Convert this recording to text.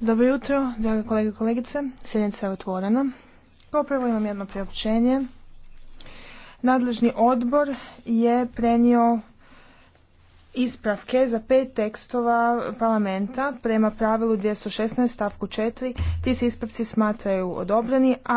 Dobro jutro, drage kolege i kolegice. Sjednica je otvorena. Kao prvo imam jedno priopćenje. Nadležni odbor je prenio ispravke za pet tekstova parlamenta prema pravilu 216 stavku 4. Ti se ispravci smatraju odobreni, a